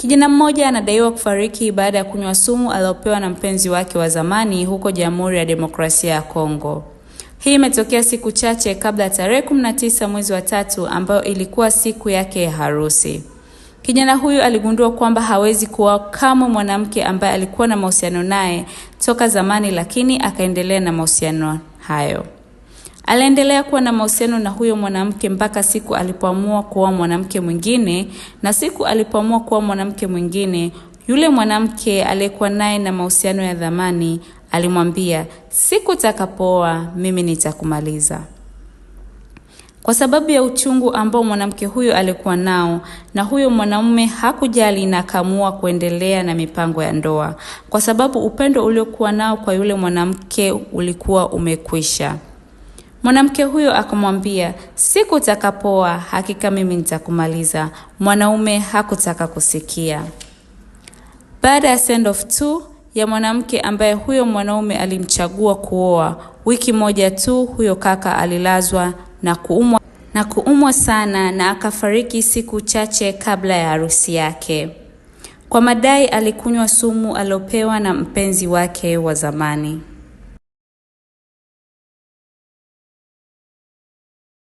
Kijana mmoja anadaiwa kufariki baada ya kunywa sumu aliyopewa na mpenzi wake wa zamani huko Jamhuri ya Demokrasia ya Kongo. Hii imetokea siku chache kabla ya tarehe 19 mwezi wa tatu ambayo ilikuwa siku yake ya harusi. Kijana huyu aligundua kwamba hawezi kuwa kamwe mwanamke ambaye alikuwa na mahusiano naye toka zamani, lakini akaendelea na mahusiano hayo. Aliendelea kuwa na mahusiano na huyo mwanamke mpaka siku alipoamua kuoa mwanamke mwingine, na siku alipoamua kuoa mwanamke mwingine, yule mwanamke aliyekuwa naye na mahusiano ya dhamani alimwambia, siku utakapooa mimi nitakumaliza. Kwa sababu ya uchungu ambao mwanamke huyo alikuwa nao, na huyo mwanaume hakujali na akaamua kuendelea na mipango ya ndoa, kwa sababu upendo uliokuwa nao kwa yule mwanamke ulikuwa umekwisha. Mwanamke huyo akamwambia, siku utakapoa hakika mimi nitakumaliza. Mwanaume hakutaka kusikia. Baada ya send of two, ya mwanamke ambaye huyo mwanaume alimchagua kuoa, wiki moja tu huyo kaka alilazwa na kuumwa na kuumwa sana na akafariki siku chache kabla ya harusi yake, kwa madai alikunywa sumu aliopewa na mpenzi wake wa zamani.